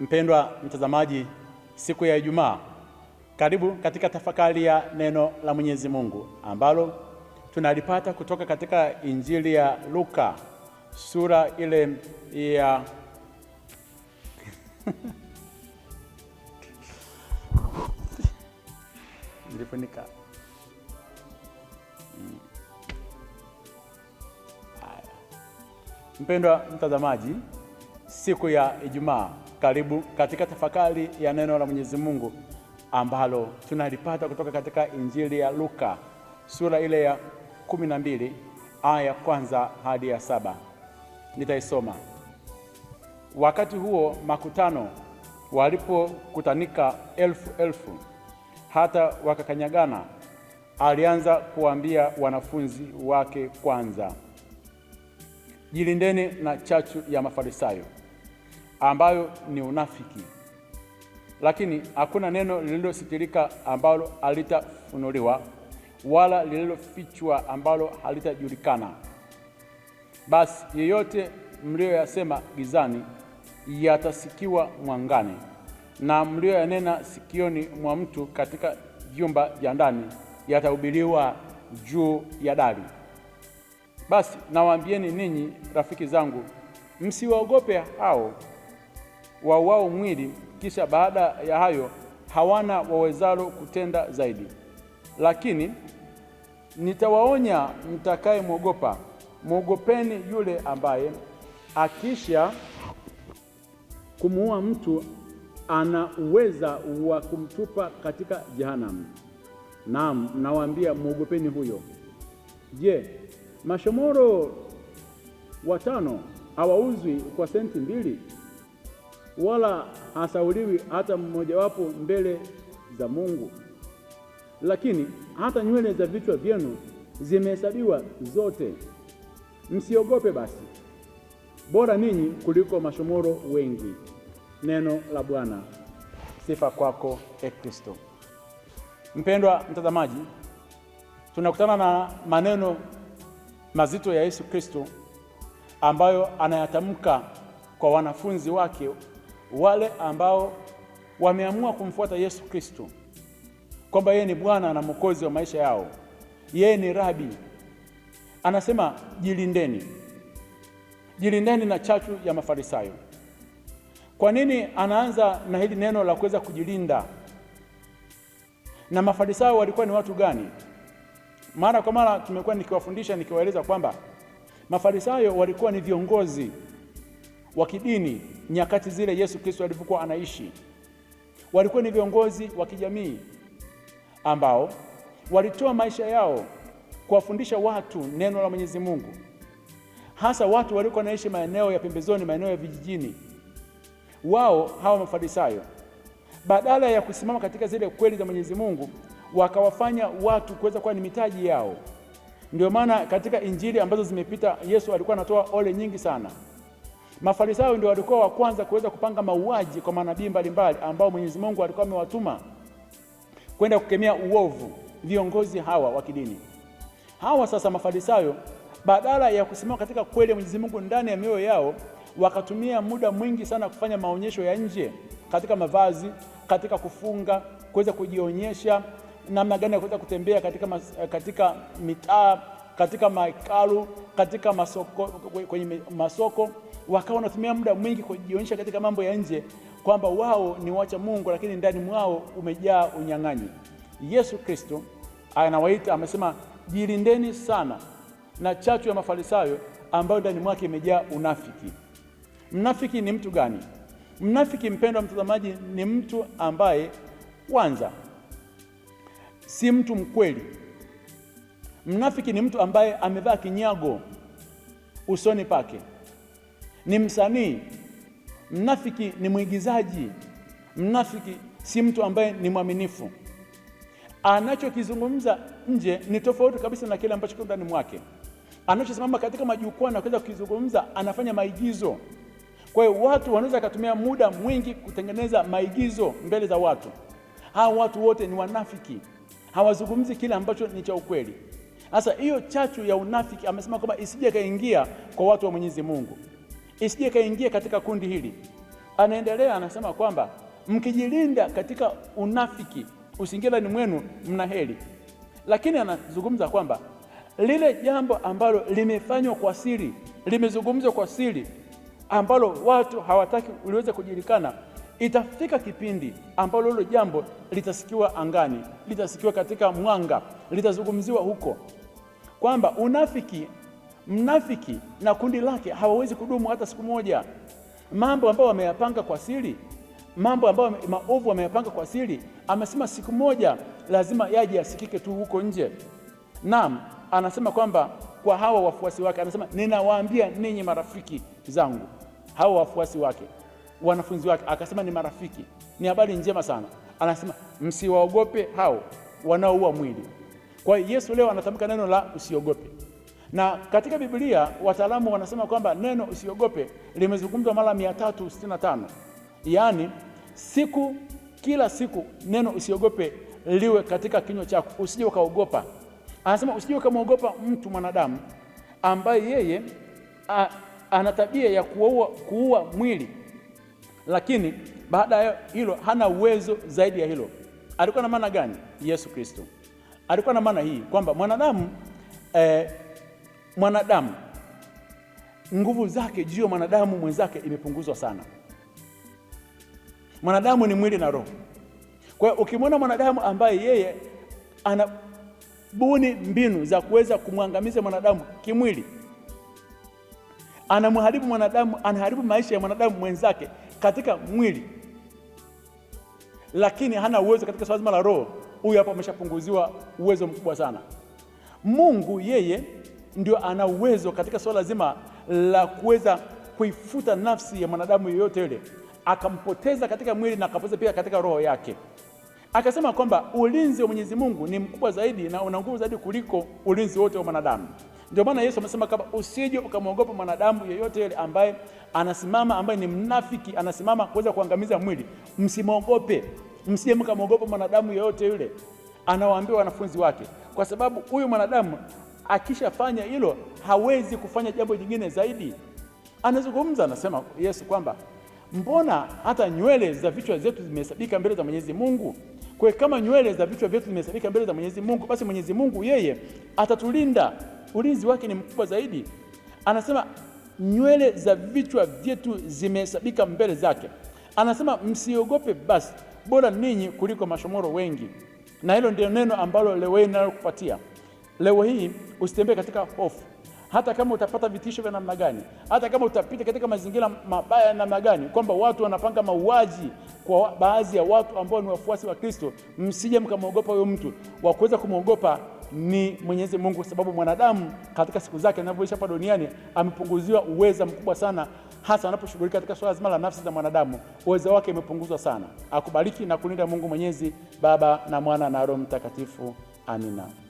Mpendwa mtazamaji, siku ya Ijumaa, karibu katika tafakari ya neno la Mwenyezi Mungu ambalo tunalipata kutoka katika Injili ya Luka sura ile ya nilifunika mm. Mpendwa mtazamaji, siku ya Ijumaa karibu katika tafakari ya neno la Mwenyezi Mungu ambalo tunalipata kutoka katika Injili ya Luka sura ile ya kumi na mbili aya ya kwanza hadi ya saba. Nitaisoma. Wakati huo makutano walipokutanika elfu elfu hata wakakanyagana, alianza kuwaambia wanafunzi wake kwanza, jilindeni na chachu ya Mafarisayo ambayo ni unafiki, lakini hakuna neno lililositirika ambalo halitafunuliwa wala lililofichwa ambalo halitajulikana. Basi yeyote mliyoyasema gizani yatasikiwa mwangani, na mliyoyanena sikioni mwa mtu katika vyumba vya ndani yatahubiriwa juu ya dari. Basi nawaambieni ninyi rafiki zangu, msiwaogope hao wa wao mwili, kisha baada ya hayo hawana wawezalo kutenda zaidi. Lakini nitawaonya mtakayemwogopa, mwogopeni yule ambaye akisha kumuua mtu ana uweza wa kumtupa katika jehanamu. Naam, nawaambia mwogopeni huyo. Je, mashomoro watano hawauzwi kwa senti mbili? wala hasauliwi hata mmojawapo mbele za Mungu. Lakini hata nywele za vichwa vyenu zimehesabiwa zote. Msiogope basi, bora ninyi kuliko mashomoro wengi. Neno la Bwana. Sifa kwako e Kristo. Mpendwa mtazamaji, tunakutana na maneno mazito ya Yesu Kristo ambayo anayatamka kwa wanafunzi wake wale ambao wameamua kumfuata Yesu Kristo, kwamba yeye ni Bwana na Mwokozi wa maisha yao, yeye ni Rabi. Anasema jilindeni, jilindeni na chachu ya Mafarisayo. Kwa nini anaanza na hili neno la kuweza kujilinda? Na Mafarisayo walikuwa ni watu gani? Mara kwa mara tumekuwa nikiwafundisha nikiwaeleza kwamba Mafarisayo walikuwa ni viongozi wa kidini nyakati zile Yesu Kristo alipokuwa anaishi. Walikuwa ni viongozi wa kijamii ambao walitoa maisha yao kuwafundisha watu neno la Mwenyezi Mungu, hasa watu walikuwa wanaishi maeneo ya pembezoni, maeneo ya vijijini. Wao hawa Mafarisayo, badala ya kusimama katika zile kweli za Mwenyezi Mungu, wakawafanya watu kuweza kuwa ni mitaji yao. Ndio maana katika Injili ambazo zimepita Yesu alikuwa anatoa ole nyingi sana Mafarisayo ndio walikuwa wa kwanza kuweza kupanga mauaji kwa manabii mbalimbali ambao Mwenyezi Mungu alikuwa amewatuma kwenda kukemea uovu. Viongozi hawa wa kidini hawa sasa Mafarisayo, badala ya kusimama katika kweli ya Mwenyezi Mungu ndani ya mioyo yao, wakatumia muda mwingi sana kufanya maonyesho ya nje katika mavazi, katika kufunga, kuweza kujionyesha namna gani ya kuweza kutembea katika, katika mitaa katika mahekalu, katika masoko, kwenye masoko, wakawa wanatumia muda mwingi kujionyesha katika mambo ya nje kwamba wao ni wacha Mungu, lakini ndani mwao umejaa unyang'anyi. Yesu Kristo anawaita amesema, jilindeni sana na chachu ya Mafarisayo ambayo ndani mwake imejaa unafiki. Mnafiki ni mtu gani? Mnafiki, mpendwa mtazamaji, ni mtu ambaye kwanza si mtu mkweli Mnafiki ni mtu ambaye amevaa kinyago usoni pake, ni msanii. Mnafiki ni mwigizaji. Mnafiki si mtu ambaye ni mwaminifu. Anachokizungumza nje ni tofauti kabisa na kile ambacho kiko ndani mwake. Anachosimama katika majukwaa na kuweza kukizungumza, anafanya maigizo. Kwa hiyo watu wanaweza wakatumia muda mwingi kutengeneza maigizo mbele za watu. Hawa watu wote ni wanafiki, hawazungumzi kile ambacho ni cha ukweli. Sasa hiyo chachu ya unafiki amesema kwamba isije kaingia kwa watu wa Mwenyezi Mungu, isije kaingia katika kundi hili. Anaendelea anasema kwamba mkijilinda katika unafiki usiingie ni mwenu, mna heri. Lakini anazungumza kwamba lile jambo ambalo limefanywa kwa siri, limezungumzwa kwa siri, ambalo watu hawataki uliweze kujulikana, itafika kipindi ambalo hilo jambo litasikiwa angani, litasikiwa katika mwanga, litazungumziwa huko kwamba unafiki, mnafiki na kundi lake hawawezi kudumu hata siku moja. Mambo ambayo wameyapanga kwa siri, mambo ambayo maovu wameyapanga kwa siri, amesema siku moja lazima yaje yasikike tu huko nje. Naam, anasema kwamba kwa hawa wafuasi wake, anasema ninawaambia ninyi marafiki zangu, hawa wafuasi wake, wanafunzi wake, akasema ni marafiki, ni habari njema sana. Anasema msiwaogope hao wanaoua mwili kwa hiyo Yesu leo anatamka neno la usiogope, na katika Biblia wataalamu wanasema kwamba neno usiogope limezungumzwa mara 365 yaani siku kila siku neno usiogope liwe katika kinywa chako, usije ukaogopa. Anasema usije ukamwogopa mtu mwanadamu ambaye yeye ana tabia ya kuua, kuua mwili, lakini baada ya hilo hana uwezo zaidi ya hilo. Alikuwa na maana gani Yesu Kristo? alikuwa na maana hii kwamba mwanadamu eh, mwanadamu nguvu zake juu ya mwanadamu mwenzake imepunguzwa sana. Mwanadamu ni mwili na roho. Kwa hiyo ukimwona mwanadamu ambaye yeye anabuni mbinu za kuweza kumwangamiza mwanadamu kimwili, anamharibu mwanadamu, anaharibu maisha ya mwanadamu mwenzake katika mwili, lakini hana uwezo katika swala zima la roho huyu hapo ameshapunguziwa uwezo mkubwa sana. Mungu yeye ndio ana uwezo katika suala zima la kuweza kuifuta nafsi ya mwanadamu yoyote yule, akampoteza katika mwili na akapoteza pia katika roho yake. Akasema kwamba ulinzi wa Mwenyezi Mungu ni mkubwa zaidi na una nguvu zaidi kuliko ulinzi wote wa mwanadamu. Ndio maana Yesu amesema kwamba usije ukamwogopa mwanadamu yeyote yule ambaye anasimama, ambaye ni mnafiki, anasimama kuweza kuangamiza mwili, msimwogope msije mkamwogopa mwanadamu yeyote yule, anawaambia wanafunzi wake, kwa sababu huyu mwanadamu akishafanya hilo hawezi kufanya jambo jingine zaidi. Anazungumza, anasema Yesu kwamba mbona hata nywele za vichwa zetu zimehesabika mbele za Mwenyezi Mungu. Kwa kama nywele za vichwa vyetu zimehesabika mbele za Mwenyezi Mungu, basi Mwenyezi Mungu yeye atatulinda, ulinzi wake ni mkubwa zaidi. Anasema nywele za vichwa vyetu zimehesabika mbele zake, anasema msiogope basi bora ninyi kuliko mashomoro wengi, na hilo ndio neno ambalo leo hii ninalokupatia leo hii. Usitembee katika hofu, hata kama utapata vitisho vya namna gani, hata kama utapita katika mazingira mabaya ya namna gani, kwamba watu wanapanga mauaji kwa baadhi ya watu ambao ni wafuasi wa Kristo, msije mkamwogopa huyo mtu wa kuweza kumwogopa ni Mwenyezi Mungu, kwa sababu mwanadamu katika siku zake anavyoishi hapa duniani amepunguziwa uweza mkubwa sana, hasa anaposhughulika katika swala zima la nafsi za mwanadamu. Uwezo wake umepunguzwa sana. Akubariki na kulinda Mungu Mwenyezi, Baba na Mwana na Roho Mtakatifu. Amina.